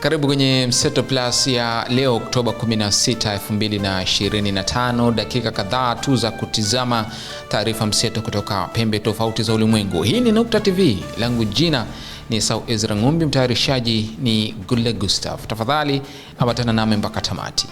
Karibu kwenye Mseto Plus ya leo Oktoba 16, 2025. Dakika kadhaa tu za kutizama taarifa mseto kutoka pembe tofauti za ulimwengu. Hii ni Nukta TV, langu jina ni Sau Ezra Ngumbi, mtayarishaji ni Gule Gustav. Tafadhali ambatana nami mpaka tamati.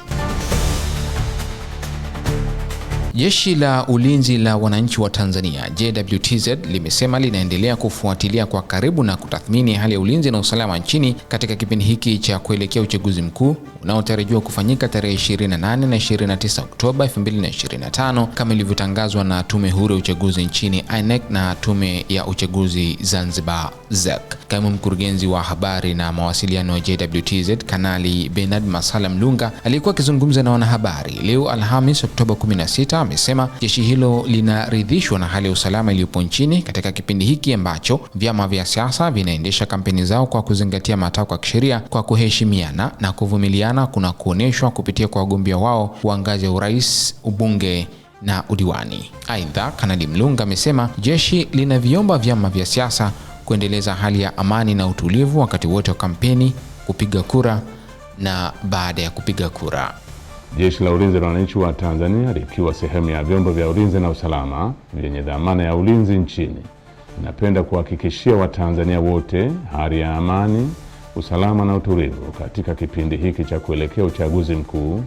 Jeshi la Ulinzi la Wananchi wa Tanzania JWTZ limesema linaendelea kufuatilia kwa karibu na kutathmini hali ya ulinzi na usalama nchini katika kipindi hiki cha kuelekea uchaguzi mkuu unaotarajiwa kufanyika tarehe 28 na 29 Oktoba 2025 kama ilivyotangazwa na Tume Huru ya Uchaguzi nchini INEC na Tume ya Uchaguzi Zanzibar ZEC. Kaimu mkurugenzi wa habari na mawasiliano wa JWTZ Kanali Bernard Masala Mlunga aliyekuwa akizungumza na wanahabari leo Alhamis Oktoba 16 amesema jeshi hilo linaridhishwa na hali ya usalama iliyopo nchini katika kipindi hiki ambacho vyama vya siasa vinaendesha kampeni zao kwa kuzingatia matakwa ya kisheria kwa kuheshimiana na kuvumiliana kuna kuonyeshwa kupitia kwa wagombea wao wa ngazi ya urais, ubunge na udiwani. Aidha, Kanali Mlunga amesema jeshi linaviomba vyama vya siasa kuendeleza hali ya amani na utulivu wakati wote wa kampeni, kupiga kura na baada ya kupiga kura. Jeshi la Ulinzi la Wananchi wa Tanzania likiwa sehemu ya vyombo vya ulinzi na usalama vyenye dhamana ya ulinzi nchini, napenda kuhakikishia Watanzania wote hali ya amani, usalama na utulivu katika kipindi hiki cha kuelekea uchaguzi mkuu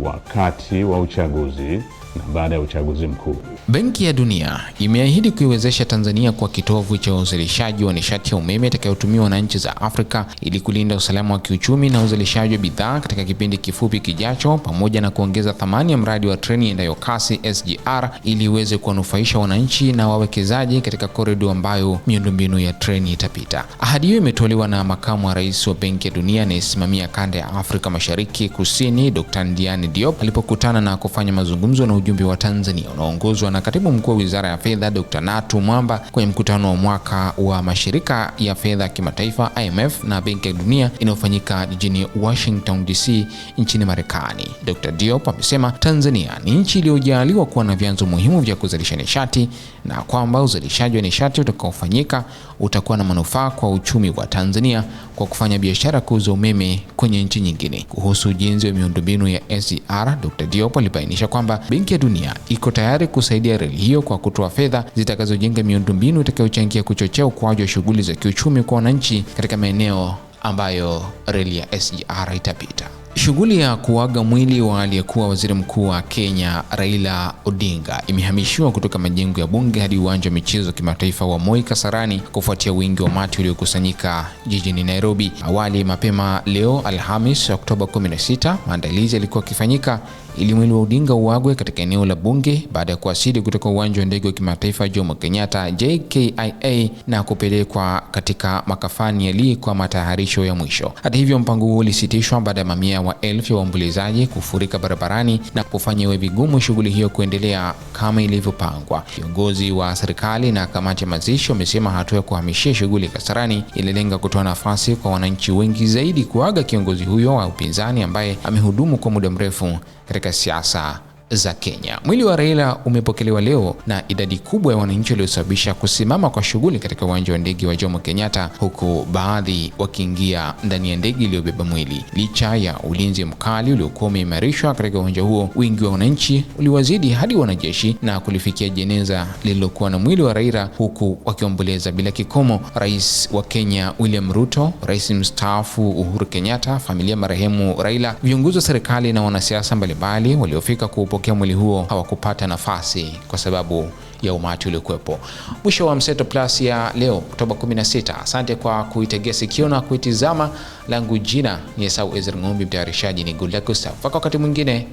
wakati wa uchaguzi na baada ya uchaguzi mkuu. Benki ya Dunia imeahidi kuiwezesha Tanzania kuwa kitovu cha uzalishaji wa nishati ya umeme itakayotumiwa na nchi za Afrika ili kulinda usalama wa kiuchumi na uzalishaji wa bidhaa katika kipindi kifupi kijacho, pamoja na kuongeza thamani ya mradi wa treni endayo kasi SGR ili iweze kuwanufaisha wananchi na wawekezaji katika korido ambayo miundombinu ya treni itapita. Ahadi hiyo imetolewa na makamu wa rais wa Benki ya Dunia anayesimamia kanda ya Afrika Mashariki Kusini, Dr. Ndiani Othman Diop alipokutana na kufanya mazungumzo na ujumbe wa Tanzania unaoongozwa na katibu mkuu wa Wizara ya Fedha Dr. Natu Mwamba kwenye mkutano wa mwaka wa mashirika ya fedha ya kimataifa IMF na Benki ya Dunia inayofanyika jijini Washington DC nchini Marekani. Dr. Diop amesema Tanzania ni nchi iliyojaliwa kuwa na vyanzo muhimu vya kuzalisha nishati na kwamba uzalishaji wa nishati utakaofanyika utakuwa na manufaa kwa uchumi wa Tanzania kwa kufanya biashara kuuza umeme kwenye nchi nyingine. Kuhusu ujenzi wa miundombinu ya SGR Dr. Diop alibainisha kwamba Benki ya Dunia iko tayari kusaidia reli hiyo kwa kutoa fedha zitakazojenga miundombinu itakayochangia kuchochea ukuaji wa shughuli za kiuchumi kwa wananchi katika maeneo ambayo reli ya SGR e itapita. Shughuli ya kuaga mwili wa aliyekuwa waziri mkuu wa Kenya Raila Odinga imehamishiwa kutoka majengo ya bunge hadi uwanja wa michezo wa kimataifa wa Moi Kasarani kufuatia wingi wa mati uliokusanyika jijini Nairobi. Awali mapema leo Alhamis Oktoba 16, maandalizi yalikuwa yakifanyika ili mwili wa Odinga uagwe katika eneo la bunge baada ya kuwasili kutoka uwanja wa ndege wa kimataifa Jomo Kenyatta JKIA na kupelekwa katika makafani kwa matayarisho ya mwisho. Hata hivyo, mpango huo ulisitishwa baada ya mamia kupelekea maelfu ya wa waombolezaji kufurika barabarani na kufanya iwe vigumu shughuli hiyo kuendelea kama ilivyopangwa. Viongozi wa serikali na kamati ya mazishi wamesema hatua ya kuhamishia shughuli Kasarani ililenga kutoa nafasi kwa wananchi wengi zaidi kuaga kiongozi huyo wa upinzani ambaye amehudumu kwa muda mrefu katika siasa za Kenya. Mwili wa Raila umepokelewa leo na idadi kubwa ya wananchi waliosababisha kusimama kwa shughuli katika uwanja wa ndege wa Jomo Kenyatta, huku baadhi wakiingia ndani ya ndege iliyobeba mwili. Licha ya ulinzi mkali uliokuwa umeimarishwa katika uwanja huo, wingi wa wananchi uliwazidi hadi wanajeshi na kulifikia jeneza lililokuwa na mwili wa Raila, huku wakiomboleza bila kikomo. Rais wa Kenya William Ruto, rais mstaafu Uhuru Kenyatta, familia marehemu Raila, viongozi wa serikali na wanasiasa mbalimbali waliofika kuupo kupokea mwili huo hawakupata nafasi kwa sababu ya umati uliokuwepo. Mwisho wa Mseto Plus ya leo Oktoba 16. Asante kwa kuitegea sikio na kuitizama. Langu jina ni Esau Ezra Ngumbi, mtayarishaji ni Gulda Gustav. Mpaka wakati mwingine,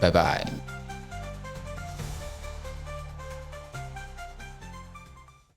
bye bye.